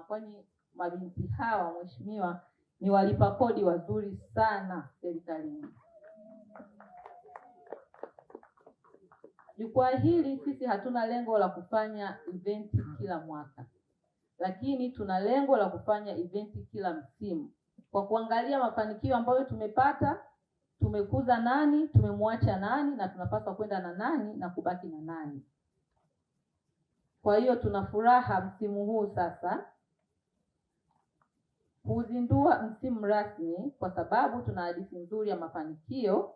kwani mabinti hawa mheshimiwa, ni walipa kodi wazuri sana serikalini. Jukwaa hili sisi hatuna lengo la kufanya eventi kila mwaka, lakini tuna lengo la kufanya eventi kila msimu kwa kuangalia mafanikio ambayo tumepata, tumekuza nani, tumemwacha nani, na tunapaswa kwenda na nani na kubaki na nani. Kwa hiyo tuna furaha msimu huu sasa huzindua msimu rasmi kwa sababu tuna hadithi nzuri ya mafanikio,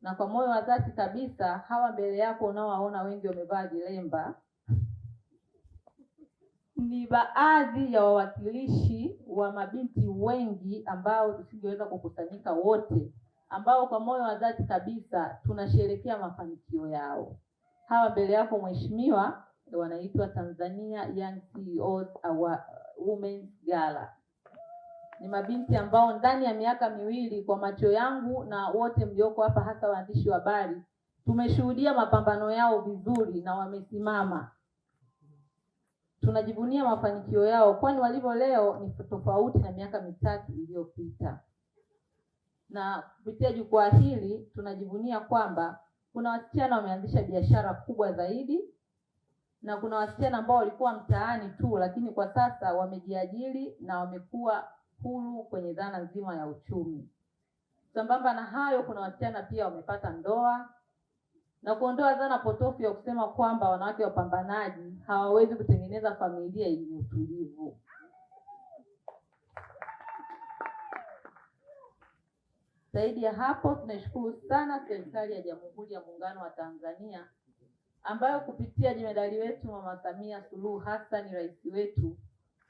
na kwa moyo wa dhati kabisa, hawa mbele yako unaowaona wengi wamevaa vilemba ni baadhi ya wawakilishi wa mabinti wengi ambao tusingeweza kukusanyika wote, ambao kwa moyo wa dhati kabisa tunasherehekea mafanikio yao. Hawa mbele yako mheshimiwa, wanaitwa Tanzania Young CEOs Women Gala ni mabinti ambao ndani ya miaka miwili kwa macho yangu na wote mlioko hapa, hasa waandishi wa habari, tumeshuhudia mapambano yao vizuri na wamesimama. Tunajivunia mafanikio yao, kwani walivyo leo ni tofauti na miaka mitatu iliyopita. Na kupitia jukwaa hili tunajivunia kwamba kuna wasichana wameanzisha biashara kubwa zaidi na kuna wasichana ambao walikuwa mtaani tu, lakini kwa sasa wamejiajiri na wamekuwa huru kwenye dhana nzima ya uchumi. Sambamba na hayo, kuna wasichana pia wamepata ndoa na kuondoa dhana potofu ya kusema kwamba wanawake wapambanaji hawawezi kutengeneza familia yenye utulivu. Zaidi ya hapo, tunashukuru sana serikali ya Jamhuri ya Muungano wa Tanzania ambayo kupitia jemedali wetu Mama Samia Suluhu Hassan, rais wetu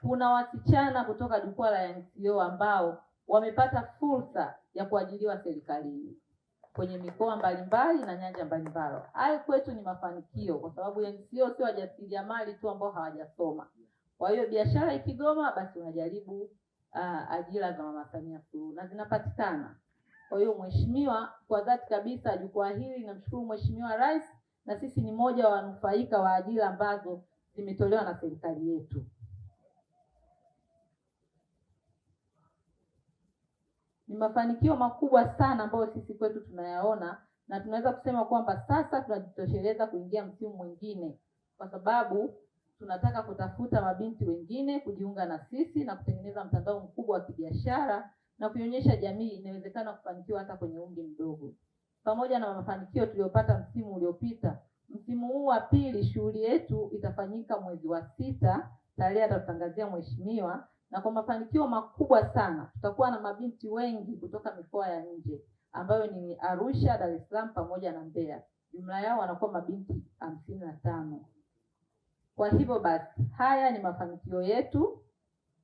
kuna wasichana kutoka jukwaa la NCO ambao wamepata fursa ya kuajiriwa serikalini kwenye mikoa mbalimbali na nyanja mbalimbali. Hayo kwetu ni mafanikio, kwa sababu NCO sio wajasiriamali tu ambao hawajasoma. Kwa hiyo biashara ikigoma, basi unajaribu uh, ajira za Mama Samia Suluhu na zinapatikana. Kwa hiyo mheshimiwa, kwa dhati kabisa jukwaa hili namshukuru Mheshimiwa Rais, na sisi ni moja wa wanufaika wa ajira ambazo zimetolewa na serikali yetu. Ni mafanikio makubwa sana ambayo sisi kwetu tunayaona na tunaweza kusema kwamba sasa tunajitosheleza kuingia msimu mwingine, kwa sababu tunataka kutafuta mabinti wengine kujiunga na sisi na kutengeneza mtandao mkubwa wa kibiashara na kuionyesha jamii inawezekana kufanikiwa hata kwenye umri mdogo. Pamoja na mafanikio tuliyopata msimu uliopita, msimu huu wa pili shughuli yetu itafanyika mwezi wa sita, tarehe atatutangazia mheshimiwa, na kwa mafanikio makubwa sana tutakuwa na mabinti wengi kutoka mikoa ya nje ambayo ni Arusha, Dar es Salaam pamoja na Mbeya. Jumla yao wanakuwa mabinti hamsini na tano. Kwa hivyo basi, haya ni mafanikio yetu,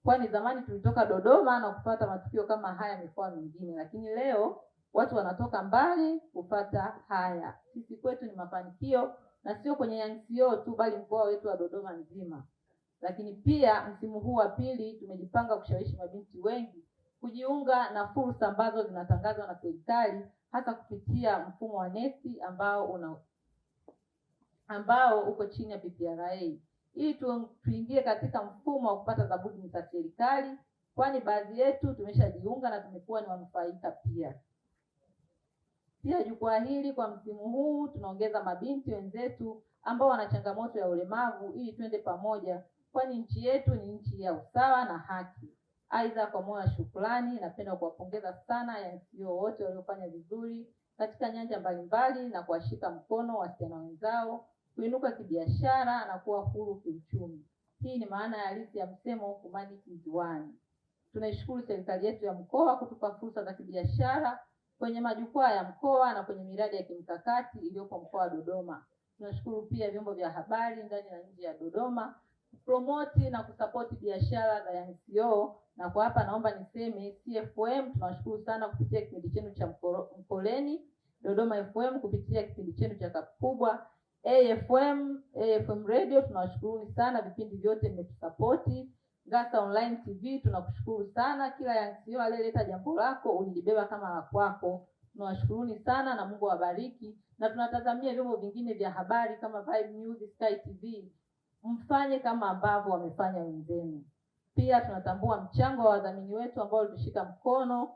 kwani zamani tulitoka Dodoma na kupata matukio kama haya mikoa mingine, lakini leo watu wanatoka mbali kupata haya. Sisi kwetu ni mafanikio, na sio kwenye NCO tu, bali mkoa wetu wa Dodoma nzima. Lakini pia msimu huu wa pili tumejipanga kushawishi mabinti wengi kujiunga na fursa ambazo zinatangazwa na serikali hasa kupitia mfumo wa neti ambao una ambao uko chini ya PPRA ili tuingie katika mfumo wa kupata zabuni za serikali, kwani baadhi yetu tumeshajiunga na tumekuwa ni wanufaika pia. Pia jukwaa hili kwa msimu huu tunaongeza mabinti wenzetu ambao wana changamoto ya ulemavu ili twende pamoja kwani nchi yetu ni nchi ya usawa na haki. Aidha, kwa moyo wa shukrani, napenda kuwapongeza sana yansio wote waliofanya vizuri katika nyanja mbalimbali na kuwashika mkono wasichana wenzao kuinuka kibiashara na kuwa huru kiuchumi. Hii ni maana ya halisi ya msemo kumani kizuani. Tunaishukuru serikali yetu ya mkoa kutupa fursa za kibiashara kwenye majukwaa ya mkoa na kwenye miradi ya kimkakati iliyopo mkoa wa Dodoma. Tunashukuru pia vyombo vya habari ndani na nje ya Dodoma kupromoti na kusapoti biashara za Young CEO. Na kwa hapa naomba niseme CFM tunawashukuru sana kupitia kipindi chenu cha Mkoleni, Dodoma FM kupitia kipindi chenu cha Kapu AFM, AFM Radio tunawashukuru sana, vipindi vyote mmetusapoti. Ngasa Online TV tunakushukuru sana, kila Young CEO aliyeleta jambo lako ulibeba kama la kwako, tunawashukuruni sana na Mungu awabariki, na tunatazamia vyombo vingine vya habari kama Vibe News, Sky TV mfanye kama ambavyo wamefanya wenzenu. Pia tunatambua mchango wa wadhamini wetu ambao walitushika mkono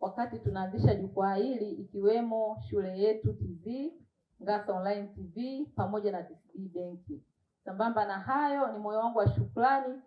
wakati tunaanzisha jukwaa hili, ikiwemo shule yetu TV, Ngasa Online TV pamoja na TCB Benki. Sambamba na hayo, ni moyo wangu wa shukrani